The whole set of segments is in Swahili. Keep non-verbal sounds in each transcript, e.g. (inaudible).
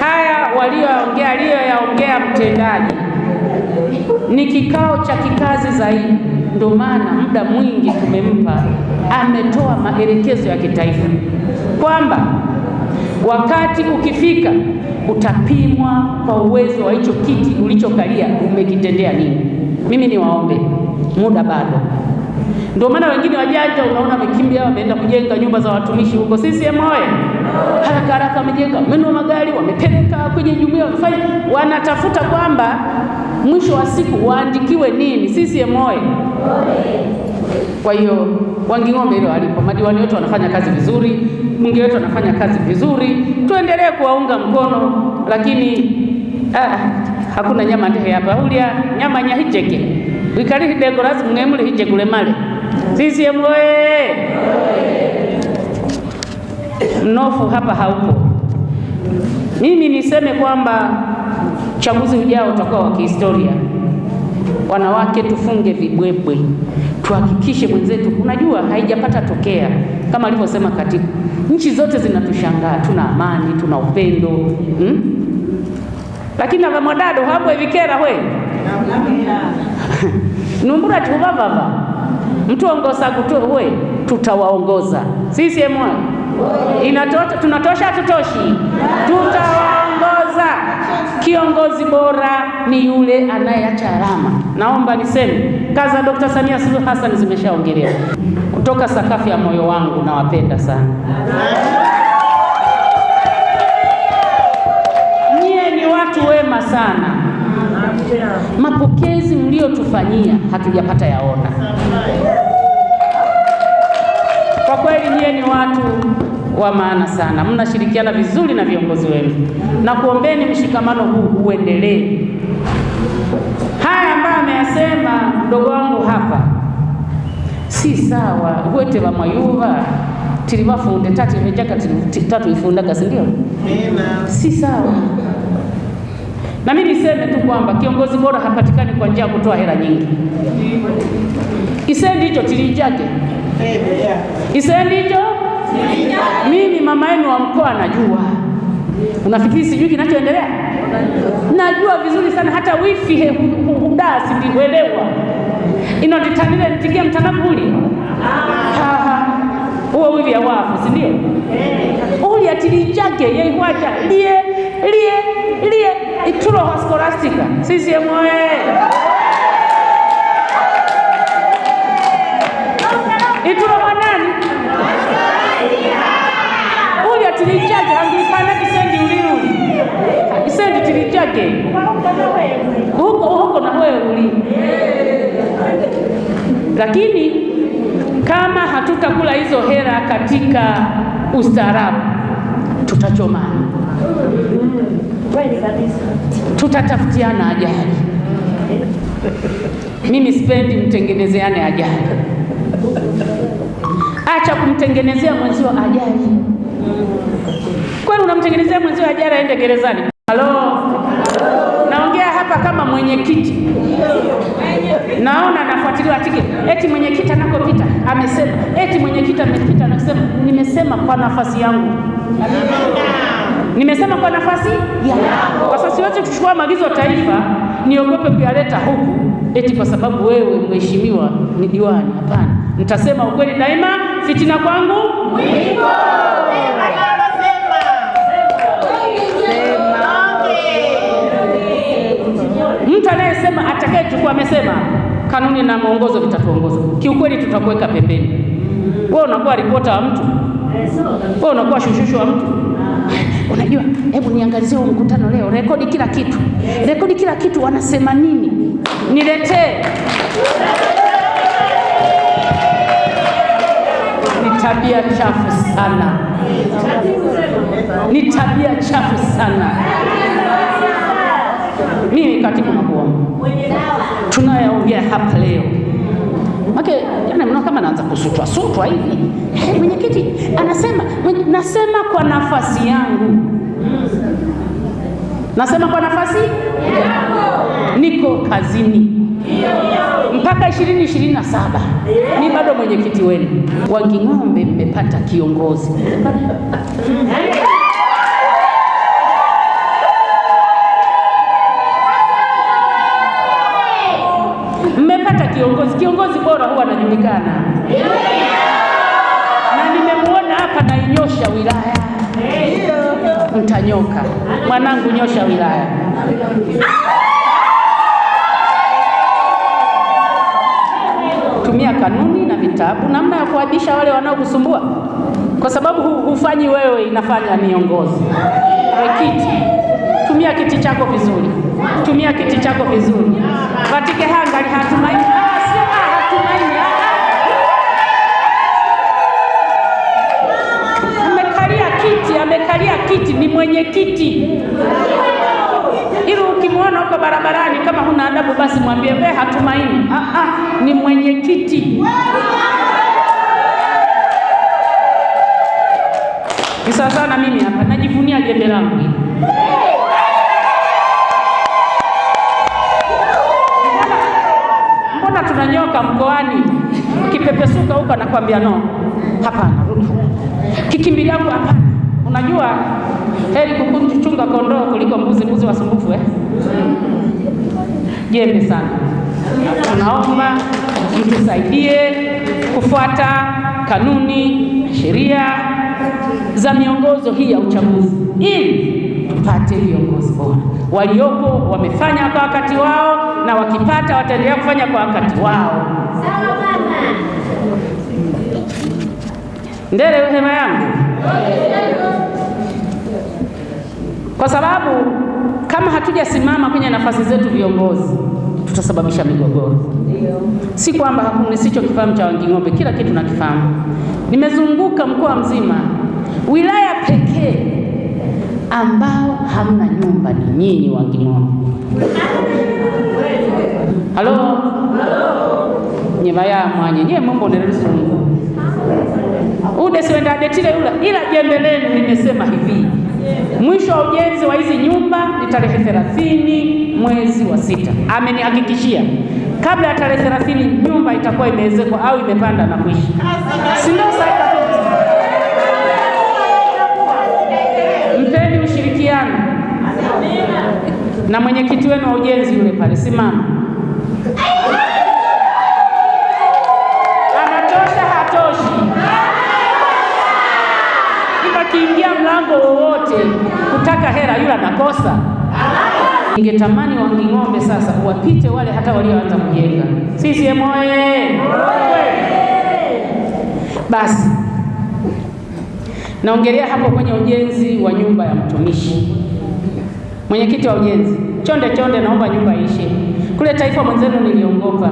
haya walioyaongea aliyoyaongea mtendaji ni kikao cha kikazi zaidi, ndio maana muda mwingi tumempa. Ametoa maelekezo ya kitaifa kwamba wakati ukifika utapimwa kwa uwezo wa hicho kiti ulichokalia umekitendea nini. Mimi niwaombe, muda bado. Ndio maana wengine wajanja unaona wamekimbia wameenda kujenga nyumba za watumishi huko Sisi oye haraka haraka, wamejenga wa magari, wamepeleka kwenye jumuiya, wamefanya, wanatafuta kwamba mwisho wa siku waandikiwe nini. Sisi oyee! Kwa hiyo Wanging'ombe hilo alipo, madiwani wetu wanafanya kazi vizuri, bunge wetu wanafanya kazi vizuri, tuendelee kuwaunga mkono, lakini ah, hakuna nyama ndehe hapa ulya nyama nyahijeke wikali hidego lazima mwemule hije kulemale. CCM oyee! mnofu hapa haupo. Mimi niseme kwamba uchaguzi ujao utakuwa wa kihistoria. Wanawake tufunge vibwebwe, tuhakikishe mwenzetu. Unajua, haijapata tokea kama alivyosema katibu, nchi zote zinatushangaa, tuna amani, tuna upendo hmm? lakini avamwadado habo evikera we (laughs) numbura tuvavava mtuongosa kutuwe tutawaongoza sisiemu Inatosha? Tunatosha? Hatutoshi? Tutawaongoza. Kiongozi bora ni yule anayeacha alama. Naomba niseme kazi za Dkt. Samia Suluhu Hassan zimeshaongelewa kutoka sakafu ya moyo wangu. Nawapenda sana nyie, ni watu wema sana. Mapokezi mliotufanyia hatujapata yaona. Kwa kweli nyie ni watu wa maana sana. Mnashirikiana vizuri na viongozi wenu, na kuombeni mshikamano huu uendelee. Haya ambayo ameyasema mdogo wangu hapa si sawa, wote wa mayuva tilivafunde tatu imejaka tatu ifundaga, si ndio? Si sawa. Na mimi niseme tu kwamba kiongozi bora hapatikani kwa njia ya kutoa hela nyingi. Isendi hicho tilijake isendi hicho mimi mama yenu wa mkoa najua. Unafikiri sijui kinachoendelea? Najua vizuri sana, hata wifi hudaa sikuelewa inaditanile nitikie mtanabuli uwo wivi wafu si ndio? ulya tilichake yeihwacha lie lie lie itulo hoskolastika sisiemu yake huko huko na wewe uli. Lakini kama hatutakula hizo hera katika ustaarabu, tutachomana, tutatafutiana ajali. Mimi sipendi mtengenezeane ajali. Acha kumtengenezea mwenzio ajali. Kwani unamtengenezea mwenzio ajali aende gerezani? Halo mwenyekiti, naona nafuatiliwa tiketi, eti mwenyekiti anakopita amesema, eti mwenyekiti amepita anasema, nimesema kwa nafasi yangu, nimesema kwa nafasi yangu. Sasa siwezi kuchukua maagizo taifa niogope kuyaleta huku eti kwa sababu wewe mheshimiwa ni diwani. Hapana, nitasema ukweli daima, fitina kwangu mwiko Mtu anayesema atakayechukua, amesema kanuni na mwongozo vitatuongoza, kiukweli tutakuweka pembeni. Wewe unakuwa ripota wa mtu, wewe unakuwa shushushu wa mtu. Unajua, hebu niangalizie huu mkutano leo, rekodi kila kitu, rekodi kila kitu, wanasema nini, niletee. Ni tabia chafu sana, ni tabia chafu sana mimi katibu mkuu tunayoongea hapa leo Make, yani mna kama naanza kusutwa sutwa hivi. Hey, mwenyekiti anasema mwenye, nasema kwa nafasi yangu, nasema kwa nafasi niko kazini mpaka ishirini ishirini na saba mi bado mwenyekiti wenu. Wanging'ombe mmepata kiongozi (laughs) kiongozi. Kiongozi bora huwa anajulikana, na nimemwona hapa nainyosha wilaya. Mtanyoka mwanangu, nyosha wilaya. Tumia kanuni na vitabu, namna ya kuadisha wale wanaokusumbua, kwa sababu hufanyi wewe, inafanya miongozi mwenyekiti. Tumia kiti chako vizuri, tumia kiti chako vizuri. hanga hatumai mwenyekiti. Ili ukimwona uko barabarani kama huna adabu, basi mwambie wewe hatumaini. Ah, ah, ni mwenyekiti. Ni sawa sawa na mimi hapa najivunia jembe langu tunanyoka mkoani, kipepesuka huko anakwambia no, hapana, rudi Kikimbilia huko, hapana. Unajua Heri kuku chunga kondoo kuliko mbuzi, mbuzi wasumbufu eh? Jembe sana. Tunaomba mtusaidie kufuata kanuni, sheria za miongozo hii ya uchaguzi ili tupate viongozi bora. Waliopo wamefanya kwa wakati wao, na wakipata wataendelea kufanya kwa wakati wao. Ndere, hema yangu kwa sababu kama hatujasimama kwenye nafasi zetu viongozi, tutasababisha migogoro. Si kwamba hakuna kifahamu cha Wanging'ombe, kila kitu nakifahamu. Nimezunguka mkoa mzima, wilaya pekee ambao hamna nyumba ni nyinyi Wanging'ombe. Halo nyevaya mwanye nyie ude siwenda udesiwendaadetile ula ila jembeleni, nimesema hivi Mwisho wa ujenzi wa hizi nyumba ni tarehe thelathini mwezi wa sita. Amenihakikishia kabla ya tarehe thelathini nyumba itakuwa imeezekwa au imepanda na kuishi, si ndio? Mpeni ushirikiano na mwenyekiti wenu wa ujenzi yule pale, simama Ningetamani wa King'ombe sasa wapite wale hata walioanza kujenga. CCM oye! Basi naongelea hapo kwenye ujenzi wa nyumba ya mtumishi. Mwenyekiti wa ujenzi, chonde chonde, naomba nyumba ishe kule taifa. Mwenzenu niliongopa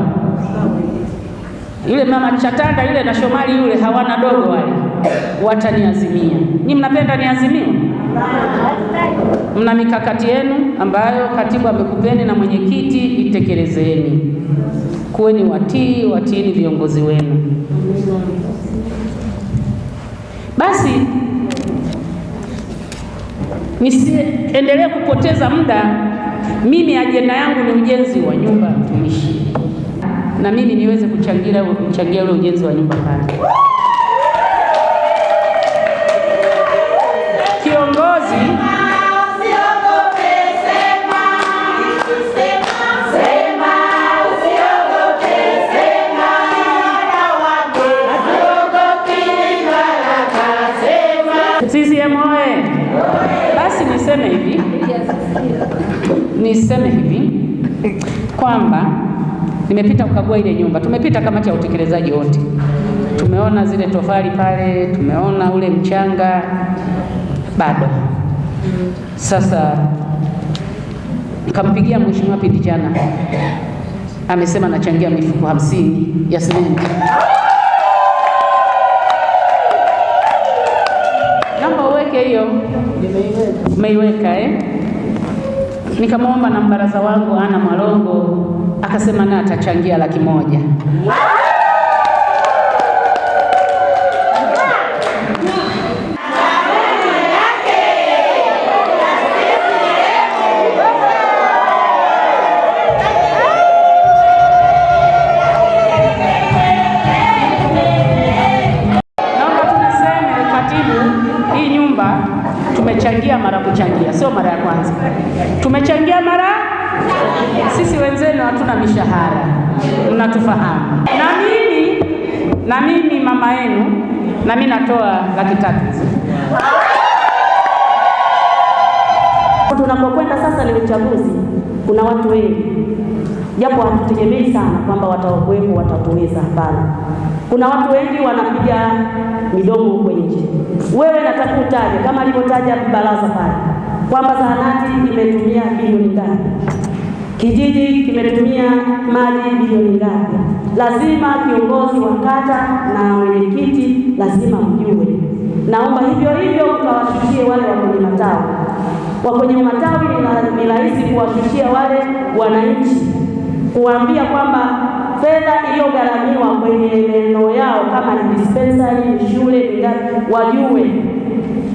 yule mama Chatanda yule na Shomali yule, hawana dogo wale, wataniazimia. Ni mnapenda niazimie Mna mikakati yenu ambayo katibu amekupeni na mwenyekiti, itekelezeni. Kuweni watii, watiini viongozi wenu. Basi nisiendelee kupoteza muda. Mimi ajenda yangu ni ujenzi wa nyumba ya mtumishi, na mimi niweze kuchangia kuchangia ule ujenzi wa nyumba pale. Basi niseme hivi, niseme hivi kwamba nimepita kukagua ile nyumba, tumepita kamati ya utekelezaji wote, tumeona zile tofali pale, tumeona ule mchanga bado. Sasa nikampigia mheshimiwa Pindi jana, amesema anachangia mifuko hamsini ya simenti. yake hiyo umeiweka eh? Nikamwomba na mbaraza wangu Ana Mwalongo akasema naye atachangia laki moja. na mimi mama yenu, na mimi natoa laki tatu. Tunapokwenda sasa ni uchaguzi, kuna watu wengi, japo hatutegemei sana kwamba watakuwepo watatuweza, hapana. Kuna watu wengi wanapiga midomo huko nje. Wewe nataka utaje kama alivyotaja baraza pale kwamba zahanati imetumia bilioni ngapi Kijiji kimetumia mali milioni ngapi? Lazima viongozi wa kata na mwenyekiti lazima mjue. Naomba hivyo hivyo mkawashushie wale wa kwenye matawi. Wa kwenye matawi ni rahisi kuwashushia wale wananchi, kuwaambia kwamba fedha iliyogharamiwa kwenye eneo yao kama ni dispensary, ni shule, ni wajue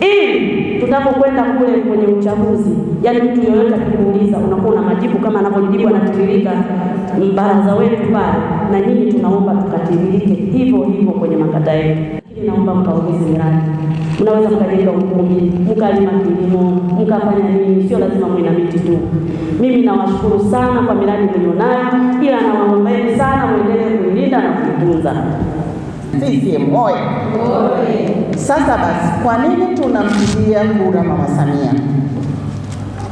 ili tunapokwenda kule kwenye uchaguzi, yani mtu yoyote akikuuliza unakuwa na majibu kama anavyojibu anatiririka mbaraza wetu pale, na nyinyi tunaomba tukatiririke hivyo hivyo kwenye makata yetu. Lakini naomba mkaongeze miradi, mnaweza mkajenga ukumbi, mkalima kilimo, mkafanya nini, sio lazima mwe na miti tu. Mimi nawashukuru sana kwa miradi mlionayo, ila nawaombeni sana mwendelee kuilinda na kuitunza. CCM oye! Sasa basi, kwa nini tunampigia kura mama Samia?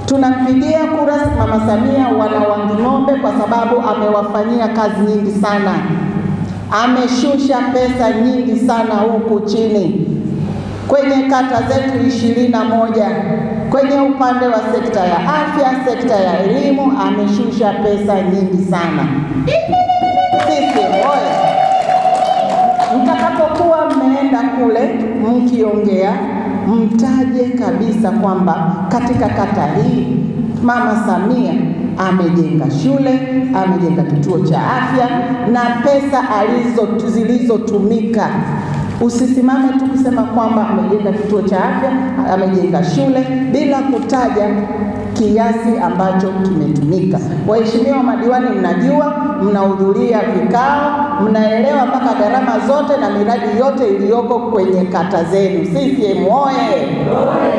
Tunampigia kura mama Samia wana Wanging'ombe kwa sababu amewafanyia kazi nyingi sana, ameshusha pesa nyingi sana huku chini kwenye kata zetu ishirini na moja kwenye upande wa sekta ya afya, sekta ya elimu, ameshusha pesa nyingi sana sisi oye mnapoenda kule mkiongea, mtaje kabisa kwamba katika kata hii Mama Samia amejenga shule, amejenga kituo cha afya na pesa alizo zilizotumika. Usisimame tu kusema kwamba amejenga kituo cha afya, amejenga shule bila kutaja kiasi ambacho kimetumika. Waheshimiwa madiwani, mnajua, mnahudhuria vikao, mnaelewa mpaka gharama zote na miradi yote iliyoko kwenye kata zenu. CCM oye!